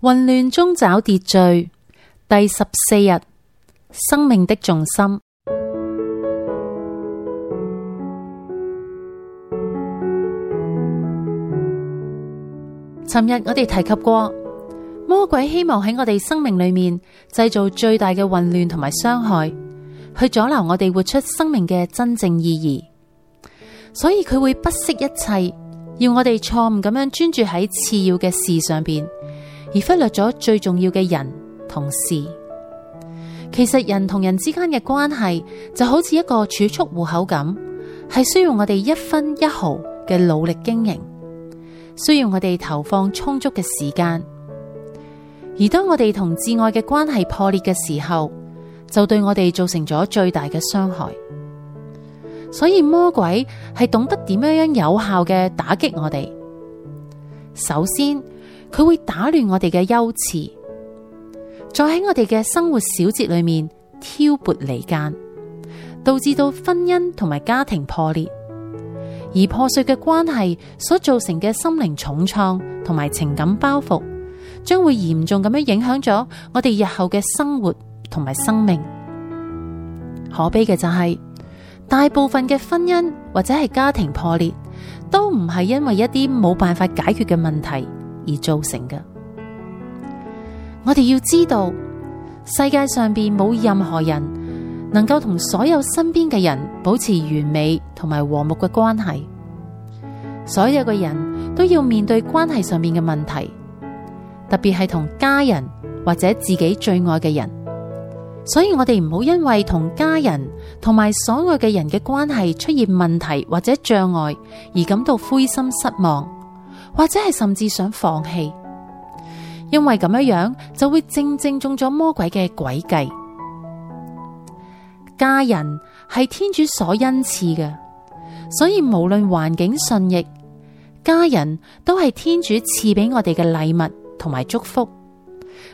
混亂中找秩序。第十四日，生命的重心。尋日我哋提及過，魔鬼希望喺我哋生命裏面製造最大嘅混亂同埋傷害，去阻撓我哋活出生命嘅真正意義。所以佢會不惜一切，要我哋錯誤咁樣專注喺次要嘅事上邊。而忽略咗最重要嘅人同事。其實人同人之間嘅關係就好似一個儲蓄戶口咁，係需要我哋一分一毫嘅努力經營，需要我哋投放充足嘅時間。而當我哋同摯愛嘅關係破裂嘅時候，就對我哋造成咗最大嘅傷害。所以魔鬼係懂得點樣樣有效嘅打擊我哋。首先。佢會打亂我哋嘅優次，再喺我哋嘅生活小節裏面挑撥離間，導致到婚姻同埋家庭破裂。而破碎嘅關係所造成嘅心靈重創同埋情感包袱，將會嚴重咁樣影響咗我哋日後嘅生活同埋生命。可悲嘅就係，大部分嘅婚姻或者係家庭破裂，都唔係因為一啲冇辦法解決嘅問題，而造成嘅，我哋要知道，世界上邊冇任何人能夠同所有身邊嘅人保持完美同埋和睦嘅關係。所有嘅人都要面對關係上面嘅問題，特別係同家人或者自己最愛嘅人。所以我哋唔好因為同家人同埋所愛嘅人嘅關係出現問題或者障礙而感到灰心失望。或者係甚至想放棄，因為咁樣樣就會正正中咗魔鬼嘅詭計。家人係天主所恩賜嘅，所以無論環境順逆，家人都係天主賜俾我哋嘅禮物同埋祝福，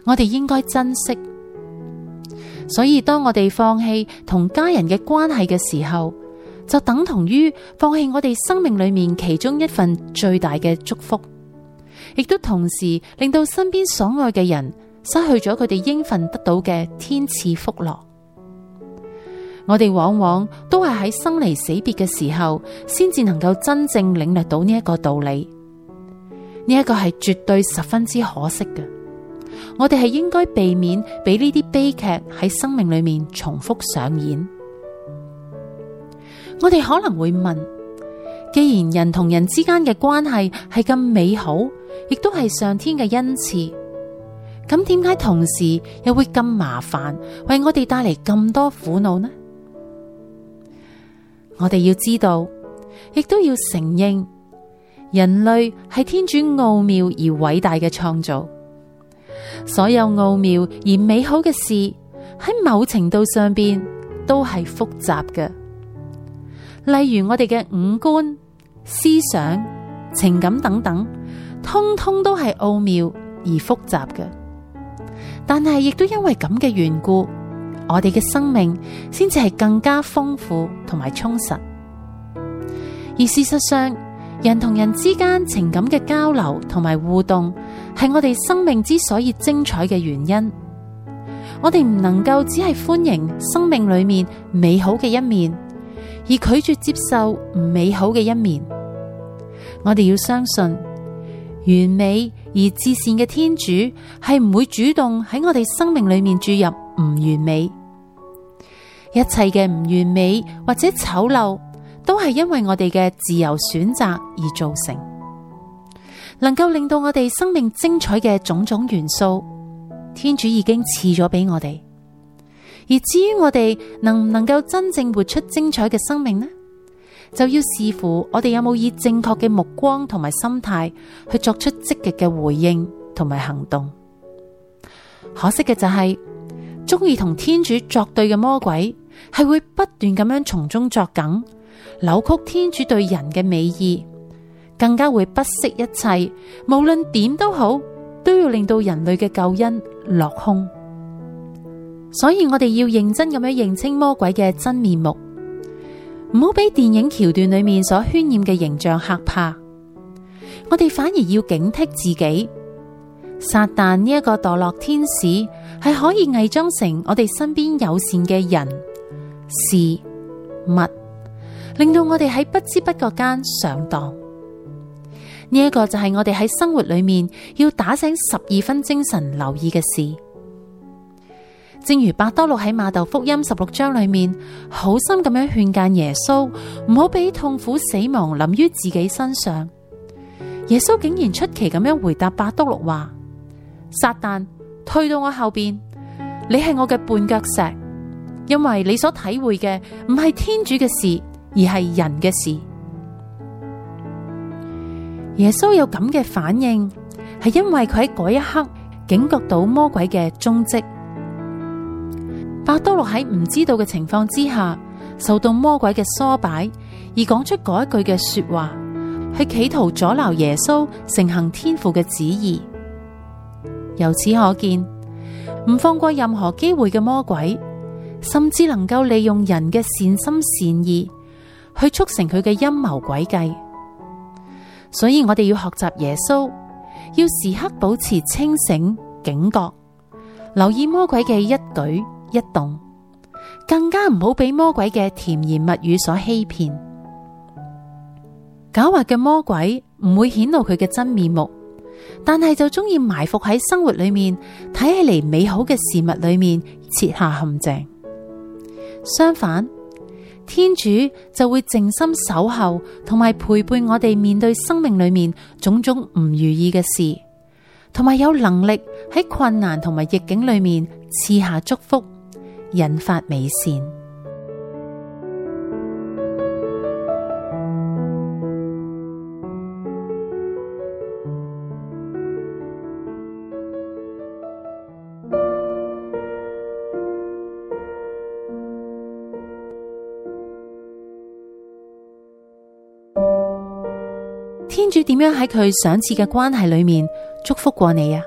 我哋應該珍惜。所以當我哋放棄同家人嘅關係嘅時候，就等同於放棄我哋生命裏面其中一份最大嘅祝福，亦都同時令到身邊所愛嘅人失去咗佢哋應份得到嘅天賜福樂。我哋往往都係喺生離死別嘅時候，先至能夠真正領略到呢一個道理。呢一個係絕對十分之可惜嘅。我哋係應該避免俾呢啲悲劇喺生命裏面重複上演。我哋可能會問：既然人同人之間嘅關係係咁美好，亦都係上天嘅恩賜，咁點解同時又會咁麻煩，為我哋帶嚟咁多苦惱呢？我哋要知道，亦都要承認，人類係天主奧妙而偉大嘅創造，所有奧妙而美好嘅事，喺某程度上邊都係複雜嘅。例如我哋嘅五官、思想、情感等等，通通都係奧妙而複雜嘅。但係亦都因為咁嘅緣故，我哋嘅生命先至係更加豐富同埋充實。而事實上，人同人之間情感嘅交流同埋互動，係我哋生命之所以精彩嘅原因。我哋唔能夠只係歡迎生命裏面美好嘅一面。而拒絕接受唔美好嘅一面，我哋要相信完美而至善嘅天主係唔會主動喺我哋生命裏面注入唔完美。一切嘅唔完美或者醜陋，都係因為我哋嘅自由選擇而造成。能夠令到我哋生命精彩嘅種種元素，天主已經賜咗俾我哋。而至於我哋能唔能夠真正活出精彩嘅生命呢？就要視乎我哋有冇以正確嘅目光同埋心態去作出積極嘅回應同埋行動。可惜嘅就係、是，中意同天主作對嘅魔鬼係會不斷咁樣從中作梗，扭曲天主對人嘅美意，更加會不惜一切，無論點都好，都要令到人類嘅救恩落空。所以我哋要認真咁樣認清魔鬼嘅真面目，唔好俾電影橋段裏面所渲染嘅形象嚇怕。我哋反而要警惕自己，撒旦呢一個墮落天使係可以偽裝成我哋身邊友善嘅人、事、物，令到我哋喺不知不覺間上當。呢、這、一個就係我哋喺生活裏面要打醒十二分精神留意嘅事。正如伯多祿喺馬竇福音十六章裏面，好心咁樣勸諫耶穌，唔好俾痛苦死亡臨於自己身上。耶穌竟然出奇咁樣回答伯多祿話：撒旦退到我後邊，你係我嘅絆腳石，因為你所體會嘅唔係天主嘅事，而係人嘅事。耶穌有咁嘅反應，係因為佢喺嗰一刻警覺到魔鬼嘅蹤迹。伯多祿喺唔知道嘅情況之下，受到魔鬼嘅唆擺而講出嗰一句嘅說話，去企圖阻撓耶穌承行天父嘅旨意。由此可見，唔放過任何機會嘅魔鬼，甚至能夠利用人嘅善心善意去促成佢嘅陰謀詭計。所以我哋要學習耶穌，要時刻保持清醒警覺，留意魔鬼嘅一舉一動，更加唔好俾魔鬼嘅甜言蜜語所欺騙。狡猾嘅魔鬼唔會顯露佢嘅真面目，但係就中意埋伏喺生活裏面，睇起嚟美好嘅事物裏面設下陷阱。相反，天主就會靜心守候，同埋陪伴我哋面對生命裏面種種唔如意嘅事，同埋有能力喺困難同埋逆境裏面賜下祝福，引發美善。天主點樣喺佢賞賜嘅關係裏面祝福過你啊？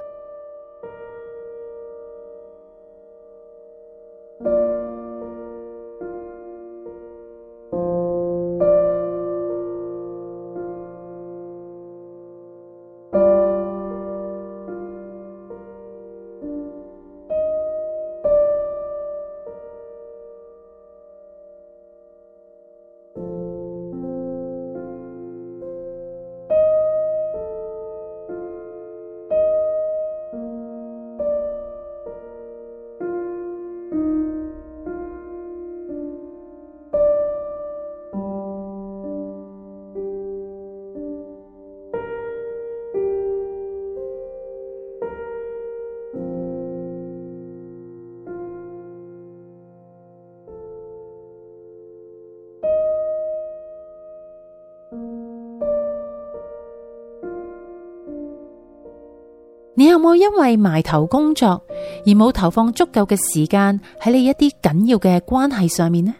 你有冇因為埋頭工作而冇投放足夠嘅時間喺你一啲緊要嘅關係上面呢？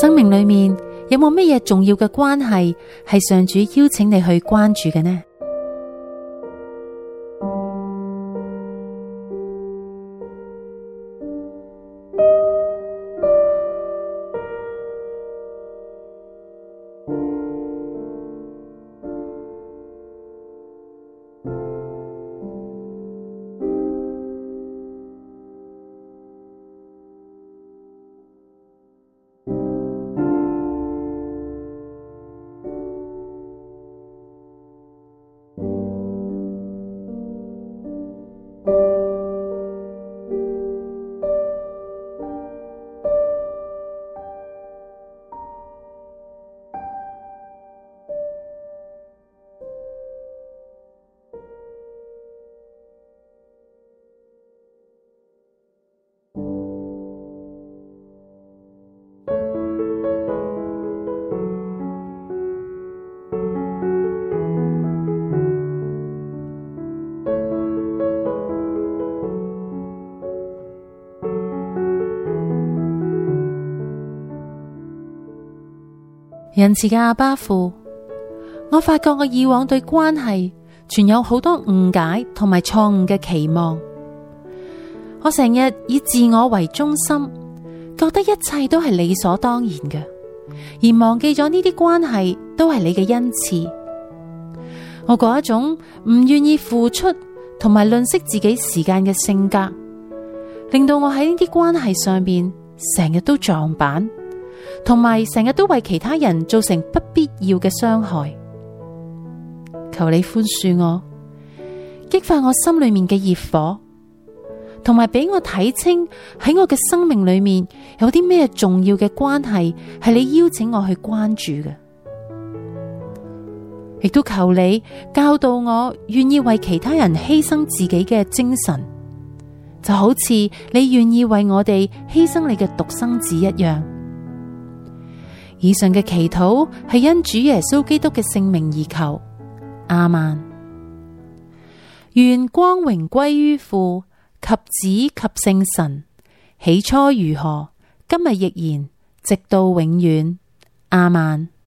生命裏面有冇乜嘢重要嘅關係係上主邀請你去關注嘅呢？仁慈嘅阿爸父，我發覺我以往對關係存有好多誤解同埋錯誤嘅期望，我成日以自我為中心，覺得一切都係理所當然嘅，而忘記咗呢啲關係都係你嘅恩賜。我嗰一種唔願意付出同埋吝嗇自己時間嘅性格，令到我喺呢啲關係上邊成日都撞板。同埋，成日都為其他人造成不必要嘅傷害，求你寬恕我，激發我心裏面嘅熱火，同埋俾我睇清喺我嘅生命裏面有啲咩重要嘅關係係你邀請我去關注嘅，亦都求你教導我願意為其他人犧牲自己嘅精神，就好似你願意為我哋犧牲你嘅獨生子一樣。以上嘅祈禱係因主耶穌基督嘅聖名而求，亞孟。願光榮歸於父及子及聖神，起初如何，今日亦然，直到永遠，亞孟。